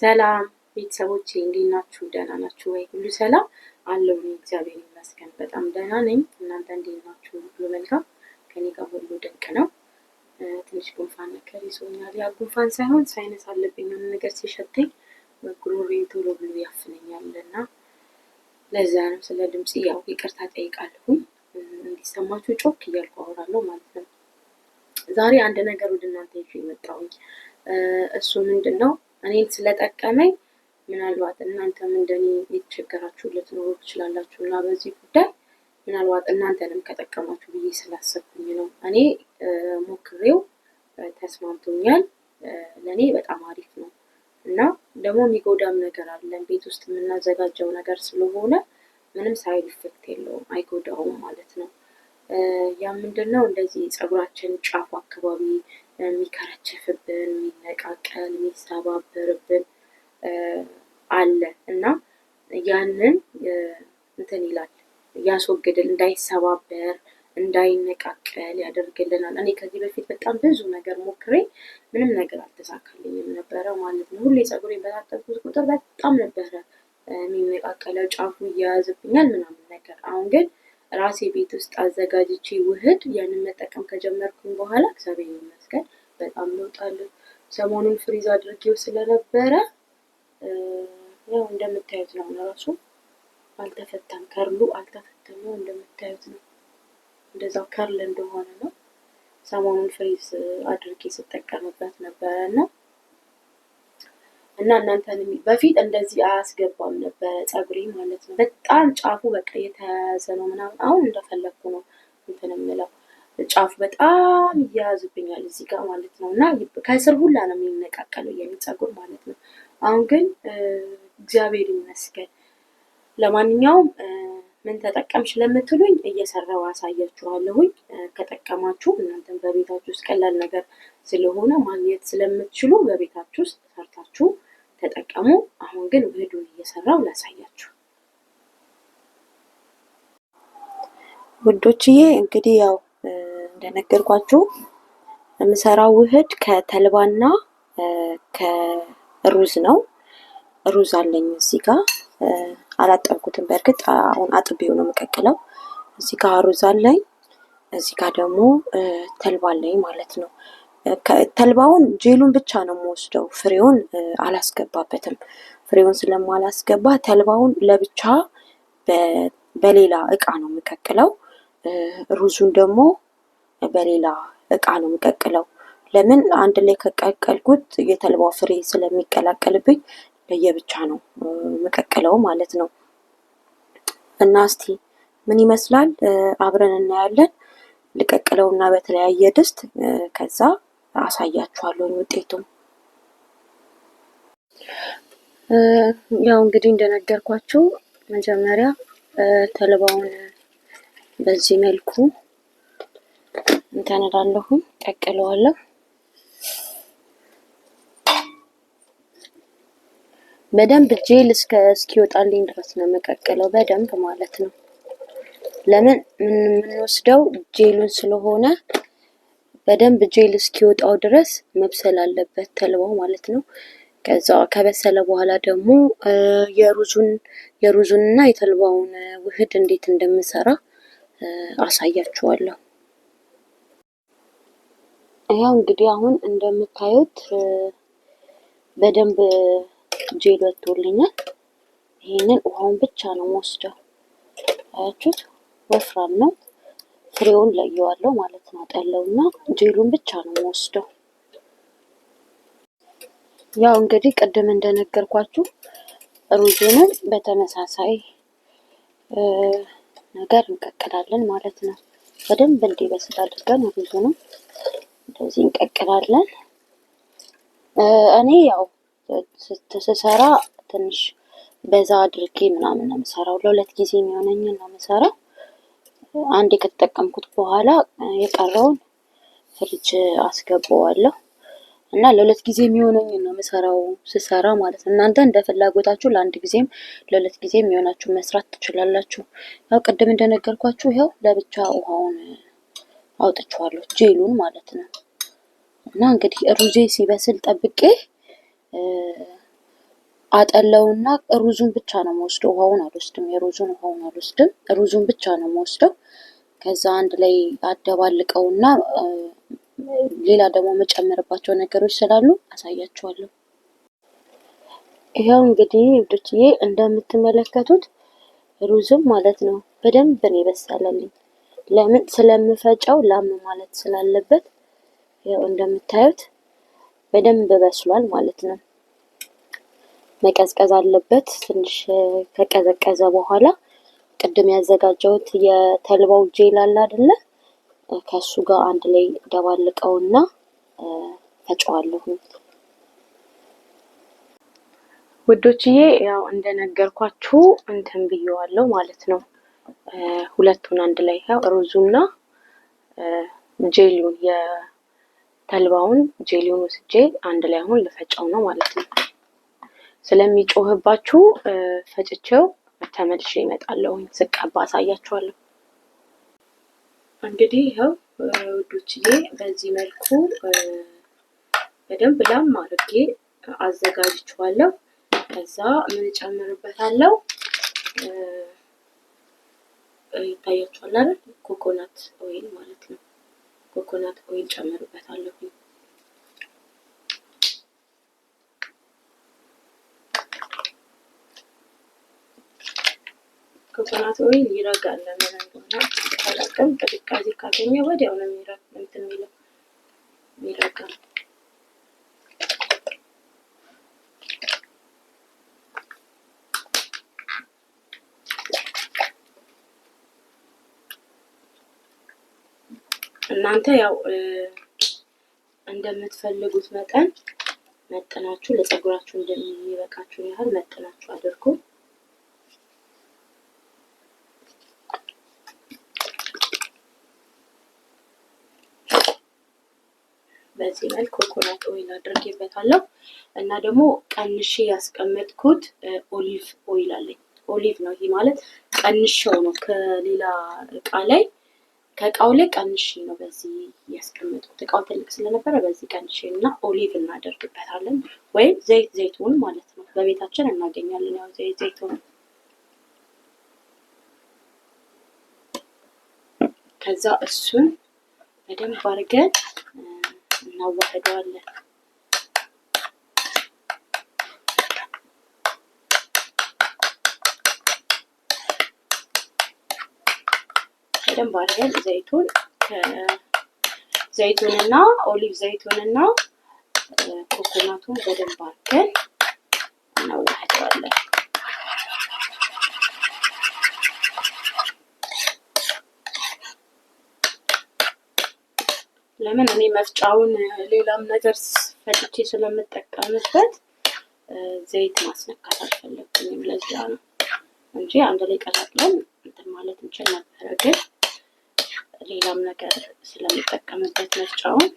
ሰላም ቤተሰቦች እንዴት ናችሁ? ደህና ናችሁ ወይ? ሁሉ ሰላም አለው። እግዚአብሔር ይመስገን በጣም ደህና ነኝ። እናንተ እንዴት ናችሁ? ሁሉ መልካም ከኔ ጋር ሁሉ ድንቅ ነው። ትንሽ ጉንፋን ነገር ይዞኛል። ያ ጉንፋን ሳይሆን ሳይነስ አለብኝ። የሆነ ነገር ሲሸተኝ ጉሮሮዬ ቶሎ ብሎ ያፍነኛል እና ለዛ ነው ስለ ድምፅ ያው ይቅርታ ጠይቃለሁ። እንዲሰማችሁ ጮክ እያልኩ አወራለሁ ማለት ነው። ዛሬ አንድ ነገር ወደ እናንተ ይዤ የመጣሁኝ እሱ ምንድን ነው እኔን ስለጠቀመኝ ምናልባት እናንተም እንደኔ የተቸገራችሁ ልትኖሩ ትችላላችሁ እና በዚህ ጉዳይ ምናልባት እናንተንም ከጠቀማችሁ ብዬ ስላሰብኩኝ ነው። እኔ ሞክሬው ተስማምቶኛል። ለእኔ በጣም አሪፍ ነው እና ደግሞ የሚጎዳም ነገር አለን። ቤት ውስጥ የምናዘጋጀው ነገር ስለሆነ ምንም ሳይድ ኢፌክት የለውም፣ አይጎዳውም ማለት ነው። ያ ምንድን ነው እንደዚህ ፀጉራችን ጫፉ አካባቢ የሚከረችፍብን፣ የሚነቃቀል፣ የሚሰባበርብን አለ እና ያንን እንትን ይላል ያስወግድል፣ እንዳይሰባበር እንዳይነቃቀል ያደርግልናል። እኔ ከዚህ በፊት በጣም ብዙ ነገር ሞክሬ ምንም ነገር አልተሳካልኝም ነበረ ማለት ነው። ሁሌ ፀጉሬን በታጠብኩት ቁጥር በጣም ነበረ የሚነቃቀለው፣ ጫፉ እያያዝብኛል ምናምን ነገር። አሁን ግን ራሴ ቤት ውስጥ አዘጋጅቼ ውህድ ያንን መጠቀም ከጀመርኩኝ በኋላ እግዚአብሔር ይመስገን በጣም ለውጥ ሰሞኑን ፍሪዝ አድርጌው ስለነበረ ያው እንደምታዩት ነው። ለራሱ አልተፈታም፣ ከርሉ አልተፈተም። ያው እንደምታዩት ነው። እንደዛው ከርል እንደሆነ ነው። ሰሞኑን ፍሪዝ አድርጌ ስጠቀምበት ነበረ እና እና እናንተ በፊት እንደዚህ አያስገባም ነበረ ፀጉሬ ማለት ነው። በጣም ጫፉ በቃ የተያያዘ ነው ምናምን። አሁን እንደፈለግኩ ነው እንትን የምለው ጫፉ በጣም እያያዝብኛል እዚህ ጋር ማለት ነው። እና ከስር ሁላ ነው የሚነቃቀለው የኔ ፀጉር ማለት ነው። አሁን ግን እግዚአብሔር ይመስገን። ለማንኛውም ምን ተጠቀምሽ ለምትሉኝ እየሰራው አሳያችኋለሁኝ። ከጠቀማችሁ እናንተም በቤታችሁ ውስጥ ቀላል ነገር ስለሆነ ማግኘት ስለምትችሉ በቤታችሁ ውስጥ ሰርታችሁ ተጠቀሙ። አሁን ግን ውህዱን እየሰራው ላሳያችሁ። ውዶችዬ እንግዲህ ያው እንደነገርኳችሁ የምሰራው ውህድ ከተልባና ከሩዝ ነው። ሩዝ አለኝ እዚህ ጋር አላጠብኩትም። በእርግጥ አሁን አጥቤው ነው የምቀቅለው። እዚህ ጋር ሩዝ አለኝ፣ እዚህ ጋር ደግሞ ተልባ አለኝ ማለት ነው። ተልባውን ጄሉን ብቻ ነው የምወስደው። ፍሬውን አላስገባበትም። ፍሬውን ስለማላስገባ ተልባውን ለብቻ በሌላ እቃ ነው የምቀቅለው። ሩዙን ደግሞ በሌላ እቃ ነው የምቀቅለው። ለምን አንድ ላይ ከቀቀልኩት የተልባው ፍሬ ስለሚቀላቀልብኝ ለየብቻ ነው የምቀቅለው ማለት ነው። እና እስቲ ምን ይመስላል አብረን እናያለን። ልቀቅለውና በተለያየ ድስት ከዛ አሳያችኋለሁ ውጤቱም። ያው እንግዲህ እንደነገርኳችሁ መጀመሪያ ተልባውን በዚህ መልኩ እንትን እላለሁ፣ ቀቅለዋለሁ። በደንብ ጄል እስከ እስኪወጣልኝ ድረስ ነው የምቀቅለው፣ በደንብ ማለት ነው። ለምን የምንወስደው ጄሉን ስለሆነ በደንብ ጄል እስኪወጣው ድረስ መብሰል አለበት ተልባው ማለት ነው። ከዛ ከበሰለ በኋላ ደግሞ የሩዙን የሩዙንና የተልባውን ውህድ እንዴት እንደምሰራ አሳያችኋለሁ። ያው እንግዲህ አሁን እንደምታዩት በደንብ ጄል ወጥቶልኛል። ይሄንን ውሃውን ብቻ ነው ወስደው አያችሁት? ወፍራም ነው። ፍሬውን ለየዋለው ማለት ነው። አጠለው እና ጄሉን ብቻ ነው የምወስደው። ያው እንግዲህ ቅድም እንደነገርኳችሁ ሩዙንም በተመሳሳይ ነገር እንቀቅላለን ማለት ነው። በደንብ እንዲበስል አድርገን ሩዙንም እንደዚህ እንቀቅላለን። እኔ ያው ስሰራ ትንሽ በዛ አድርጌ ምናምን ነው የምሰራው። ለሁለት ጊዜ የሚሆነኝ ነው የምሰራው። አንድ ከተጠቀምኩት በኋላ የቀረውን ፍሪጅ አስገባዋለሁ እና ለሁለት ጊዜ የሚሆነኝን ነው የምሰራው ስሰራ ማለት ነው። እናንተ እንደ ፍላጎታችሁ ለአንድ ጊዜም ለሁለት ጊዜ የሚሆናችሁ መስራት ትችላላችሁ። ያው ቅድም እንደነገርኳችሁ ይኸው ለብቻ ውሃውን አውጥቼዋለሁ ጄሉን ማለት ነው። እና እንግዲህ ሩዜ ሲበስል ጠብቄ አጠለውና ሩዙን ብቻ ነው የምወስደው። ውሃውን አልወስድም። የሩዙን ውሃውን አልወስድም። ሩዙን ብቻ ነው የምወስደው። ከዛ አንድ ላይ አደባልቀውና ሌላ ደግሞ የምጨምርባቸው ነገሮች ስላሉ አሳያችኋለሁ። ይኸው እንግዲህ ውዶችዬ እንደምትመለከቱት ሩዝም ማለት ነው በደንብ ነው የበሰለልኝ። ለምን ስለምፈጨው ላም ማለት ስላለበት፣ ያው እንደምታዩት በደንብ በስሏል ማለት ነው። መቀዝቀዝ አለበት። ትንሽ ከቀዘቀዘ በኋላ ቅድም ያዘጋጀሁት የተልባው ጄል አለ አይደለ? ከሱ ጋር አንድ ላይ ደባልቀውና ፈጨዋለሁ። ውዶችዬ ያው እንደነገርኳችሁ እንትን ብየዋለሁ ማለት ነው። ሁለቱን አንድ ላይ ያው ሩዙና ጄሊውን የተልባውን ጄሊውን ወስጄ አንድ ላይ አሁን ልፈጫው ነው ማለት ነው። ስለሚጮህባችሁ ፈጭቼው ተመልሼ እመጣለሁ። ስቀባ አሳያችኋለሁ። እንግዲህ ይኸው ውዶችዬ በዚህ መልኩ በደንብ ላም አድርጌ አዘጋጅችኋለሁ። ከዛ ምን እጨምርበታለሁ? ይታያችኋል አይደል? ኮኮናት ኦይል ማለት ነው። ኮኮናት ኦይል ጨምርበታለሁ። ኮኮናት ኦይል ይረጋል። ለምን እንደሆነ አላውቅም። ቅዝቃዜ ካገኘ ወዲያው ነው የሚረግ እንትን የሚለው የሚረጋው። እናንተ ያው እንደምትፈልጉት መጠን መጠናችሁ ለፀጉራችሁ እንደሚበቃችሁ ያህል መጠናችሁ አድርጉ። በዚህ መልክ ኮኮናት ኦይል አድርጌበታለሁ እና ደግሞ ቀንሼ ያስቀመጥኩት ኦሊቭ ኦይል አለኝ። ኦሊቭ ነው ይሄ ማለት ቀንሼው ነው ከሌላ እቃ ላይ ከእቃው ላይ ቀንሼ ነው በዚህ ያስቀመጥኩት። እቃው ትልቅ ስለነበረ በዚህ ቀንሼ እና ኦሊቭ እናደርግበታለን ወይም ዘይት ዘይቱን ማለት ነው። በቤታችን እናገኛለን ያው ዘይት ዘይቱን ከዛ እሱን በደንብ አድርገን እናዋህደዋለን። በደንብ አድርገን ዘይቱን ዘይቱንና ኦሊቭ ዘይቱንና ኮኮናቱን በደንብ አድርገን ለምን እኔ መፍጫውን ሌላም ነገር ፈጭቼ ስለምጠቀምበት ዘይት ማስነካት አልፈለግኩኝም። ለዚያ ነው እንጂ አንድ ላይ ቀላቅለን እንትን ማለት እንችል ነበረ፣ ግን ሌላም ነገር ስለምጠቀምበት መፍጫውን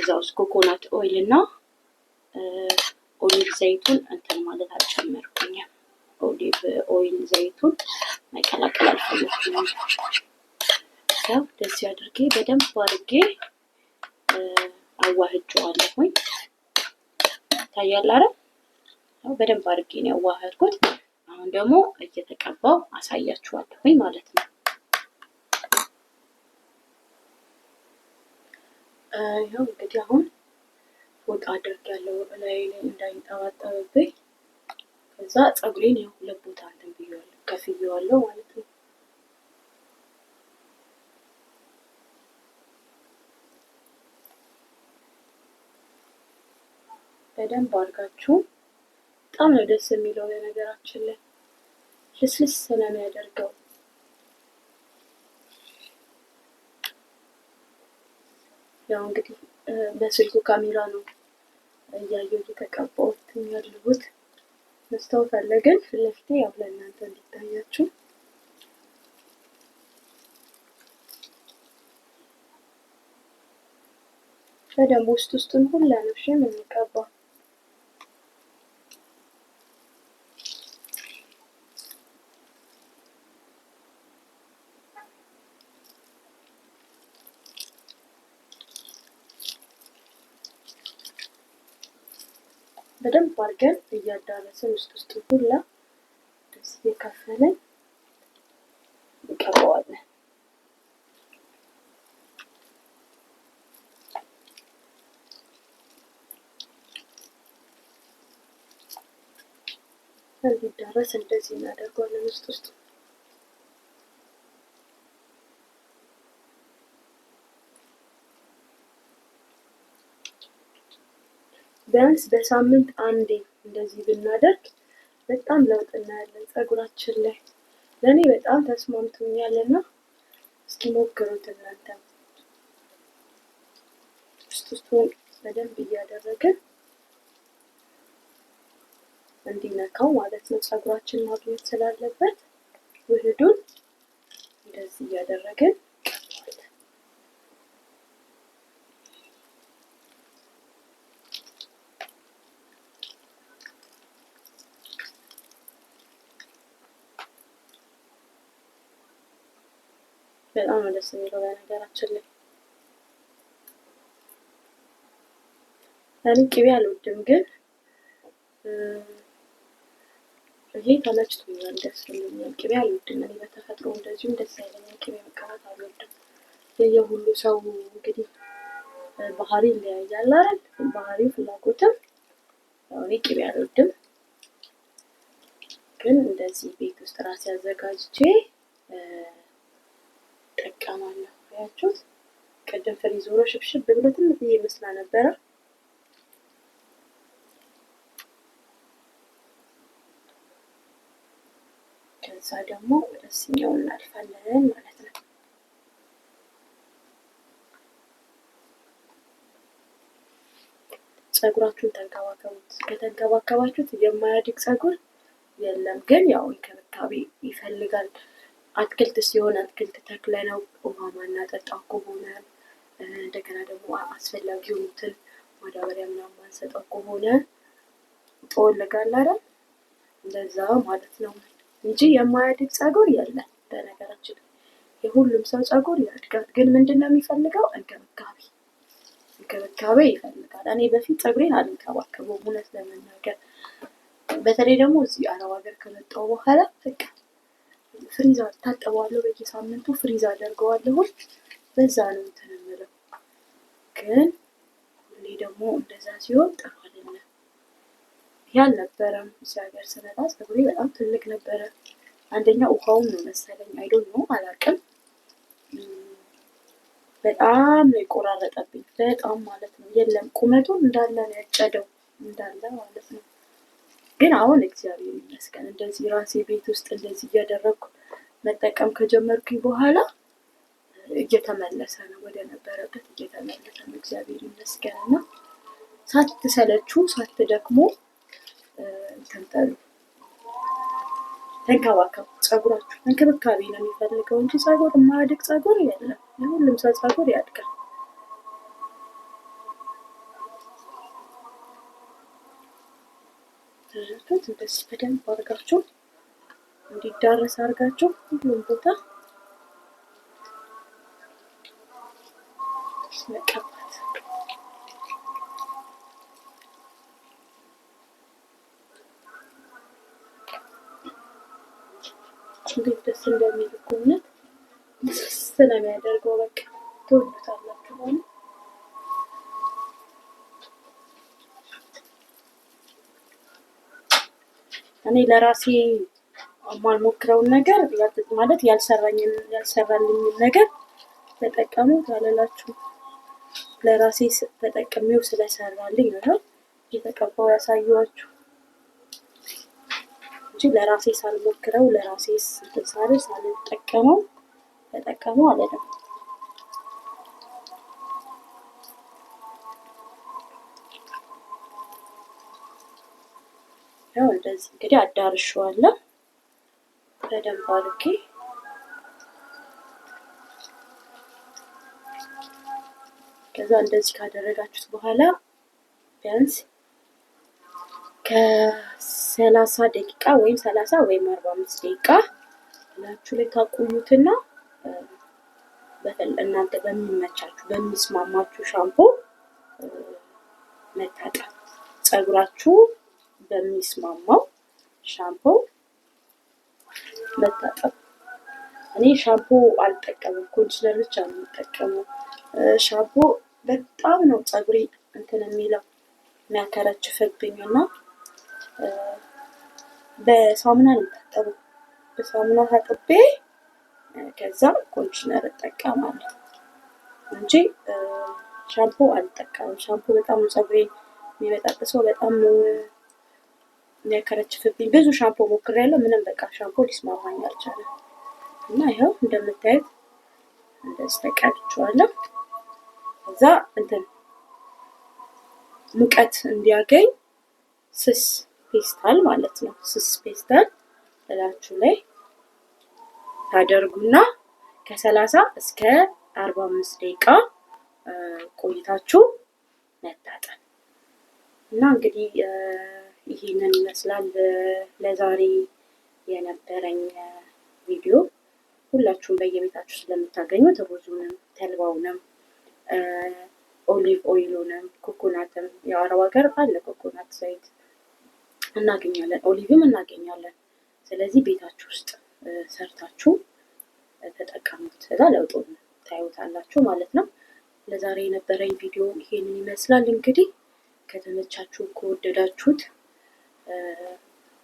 እዛ ውስጥ ኮኮናት ኦይል እና ኦሊቭ ዘይቱን እንትን ማለት አልጨመርኩኝም። ኦሊቭ ኦይል ዘይቱን መቀላቀል አልፈለግኩኝም። ይኸው እንደዚህ አድርጌ በደንብ አድርጌ አዋህጀዋለሁኝ። ይታያል አይደል? በደንብ አድርጌ ነው ያዋህድኩት። አሁን ደግሞ እየተቀባው አሳያችኋለሁኝ ማለት ነው። ይኸው እንግዲህ አሁን ፎጣ አድርጌያለሁ ላይ እንዳይንጠባጠብብኝ። ከዛ ፀጉሬን ያው ሁለት ቦታ እንትን ብዬዋለሁ ከፍዬዋለሁ ማለት ነው። በደንብ አድርጋችሁ በጣም ነው ደስ የሚለው። ለነገራችን ላይ ልስልስ ነው ያደርገው ያው እንግዲህ በስልኩ ካሜራ ነው እያየው እየተቀባሁት ያለሁት። መስታወት አለ ግን ፊት ለፊቴ ያው ለእናንተ እንዲታያችሁ በደንብ ውስጥ ውስጡን ሁላ ነው ሽም የሚቀባው። በደንብ አድርገን እያዳረስን ውስጥ ውስጥ ሁላ ደስ እየከፈልን እንቀባዋለን። እንዲዳረስ እንደዚህ እናደርገዋለን ውስጥ ውስጥ ቢያንስ በሳምንት አንዴ እንደዚህ ብናደርግ በጣም ለውጥ እናያለን ፀጉራችን ላይ። ለእኔ በጣም ተስማምቶኛል እና እስኪ ሞክሩት እናንተ ውስጥ ውስጡን በደንብ እያደረግን እንዲነካው ማለት ነው። ፀጉራችን ማግኘት ስላለበት ውህዱን እንደዚህ እያደረግን በጣም ደስ የሚለው። በነገራችን ላይ እኔ ቅቤ አልወድም፣ ግን ይሄ ተመችቶኛል፣ ደስ ይለኛል። ቅቤ አልወድም እኔ በተፈጥሮ እንደዚሁም ደስ አይለኛል። ቅቤ መቀባት አልወድም። የየ ሁሉ ሰው እንግዲህ ባህሪ ይለያያል አይደል? ባህሪ ፍላጎትም እኔ ቅቤ አልወድም ግን እንደዚህ ቤት ውስጥ ራሴ አዘጋጅቼ እጠቀማለሁ። አያችሁት? ቅድም ፍሪ ዞሮ ሽብሽብ ብሎ ትንሽ ይመስላ ነበረ። ከዛ ደግሞ ወደዚህኛው እናልፋለን ማለት ነው። ፀጉራችሁን ተንከባከቡት። ከተንከባከባችሁት የማያድግ ፀጉር የለም። ግን ያው እንክብካቤ ይፈልጋል። አትክልት ሲሆን አትክልት ተክለ ነው ውሃ ማናጠጣው ከሆነ እንደገና ደግሞ አስፈላጊ የሆኑትን ማዳበሪያ ምናምን ማንሰጠው ከሆነ ጠወልጋል አይደል? እንደዛ ማለት ነው እንጂ የማያድግ ጸጉር የለም። በነገራችን የሁሉም ሰው ጸጉር ያድጋል፣ ግን ምንድን ነው የሚፈልገው? እንክብካቤ እንክብካቤ ይፈልጋል። እኔ በፊት ጸጉሬን አልንከባከበውም እውነት ለመናገር በተለይ ደግሞ እዚህ አረብ ሀገር ከመጣሁ በኋላ በቃ ፍሪዝ ታጠበዋለሁ በየሳምንቱ ፍሪዝ አደርገዋለሁ። በዛ ነው እንትን የምለው ግን ሁሌ ደግሞ እንደዛ ሲሆን ጥሩ አይደለም። ያልነበረም እዚህ ሀገር ስመጣ ፀጉሬ በጣም ትልቅ ነበረ። አንደኛ ውሃውም ነው መሰለኝ አይዶ ነው አላውቅም። በጣም ነው የቆራረጠብኝ፣ በጣም ማለት ነው። የለም ቁመቱን እንዳለ ነው ያጨደው እንዳለ ማለት ነው። ግን አሁን እግዚአብሔር ይመስገን እንደዚህ ራሴ ቤት ውስጥ እንደዚህ እያደረግኩ መጠቀም ከጀመርኩኝ በኋላ እየተመለሰ ነው ወደ ነበረበት እየተመለሰ ነው። እግዚአብሔር ይመስገን እና ሳትሰለቹ ሳትደክሙ ተንጠሉ፣ ተንከባከቡ። ጸጉራችሁ እንክብካቤ ነው የሚፈልገው እንጂ ጸጉር የማያድግ ጸጉር የለም። የሁሉም ሰው ጸጉር ያድጋል። እንዳለበት እንደዚህ በደንብ አድርጋችሁ እንዲዳረስ አድርጋችሁ ሁሉም ቦታ መቀባት። እንዴት ደስ እንደሚል እኮ እውነት ደስ ነው የሚያደርገው። በቃ ትወዱታላችሁ ማለት እኔ ለራሴ የማልሞክረውን ነገር ማለት ያልሰራኝን ያልሰራልኝን ነገር ተጠቀሙ አልላችሁም። ለራሴ ተጠቅሜው ስለሰራልኝ ነው እየተቀባው ያሳየኋችሁ እንጂ ለራሴ ሳልሞክረው ለራሴ ስልሳሪ ሳልጠቀመው ተጠቀመው አለለም። ያው እንደዚህ እንግዲህ አዳርሸዋለሁ በደንብ አድርጌ ከዛ እንደዚህ ካደረጋችሁት በኋላ ቢያንስ ከሰላሳ ደቂቃ ወይም ሰላሳ ወይም አርባ አምስት ደቂቃ ላችሁ ላይ ካቆዩትና እናንተ በሚመቻችሁ በሚስማማችሁ ሻምፖ መታጠብ ጸጉራችሁ በሚስማማው ሻምፖ መታጠብ። እኔ ሻምፖ አልጠቀምም፣ ኮንዲሽነር ብቻ ነው የምጠቀመው። ሻምፖ በጣም ነው ፀጉሬ እንትን የሚለው የሚያከረችፍብኝ እና በሳሙና ነው የምታጠበው። በሳሙና ታጥቤ ከዛ ኮንዲሽነር እጠቀማለሁ እንጂ ሻምፖ አልጠቀምም። ሻምፖ በጣም ነው ፀጉሬ የሚበጣጥሰው፣ በጣም ነው ያከረችፍብኝ። ብዙ ሻምፖ ሞክር ያለው ምንም በቃ ሻምፖ ሊስማማኝ አልቻለም እና ይኸው እንደምታየት እንደስተቀብቸዋለሁ። እዛ እንትን ሙቀት እንዲያገኝ ስስ ፔስታል ማለት ነው። ስስ ፔስታል እላችሁ ላይ ታደርጉና ከሰላሳ እስከ አርባ አምስት ደቂቃ ቆይታችሁ መታጠን እና እንግዲህ ይህንን ይመስላል ለዛሬ የነበረኝ ቪዲዮ። ሁላችሁም በየቤታችሁ ስለምታገኙት ሩዙንም ተልባውንም ኦሊቭ ኦይሉንም ኮኮናትም ያው አረብ ሀገር አለ ኮኮናት ዘይት እናገኛለን፣ ኦሊቭም እናገኛለን። ስለዚህ ቤታችሁ ውስጥ ሰርታችሁ ተጠቀሙት። እዛ ለውጡን ታዩታላችሁ ማለት ነው። ለዛሬ የነበረኝ ቪዲዮ ይሄንን ይመስላል። እንግዲህ ከተመቻችሁ ከወደዳችሁት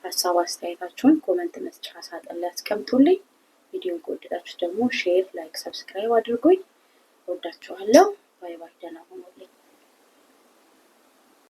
ሀሳብ አስተያየታችሁን ኮመንት መስጫ ሳጥን ላይ አስቀምጡልኝ። ቪዲዮን ከወደዳችሁ ደግሞ ሼር፣ ላይክ፣ ሰብስክራይብ አድርጉኝ። ወዳችኋለሁ። ባይ ባይ። ደህና ሁኑልኝ።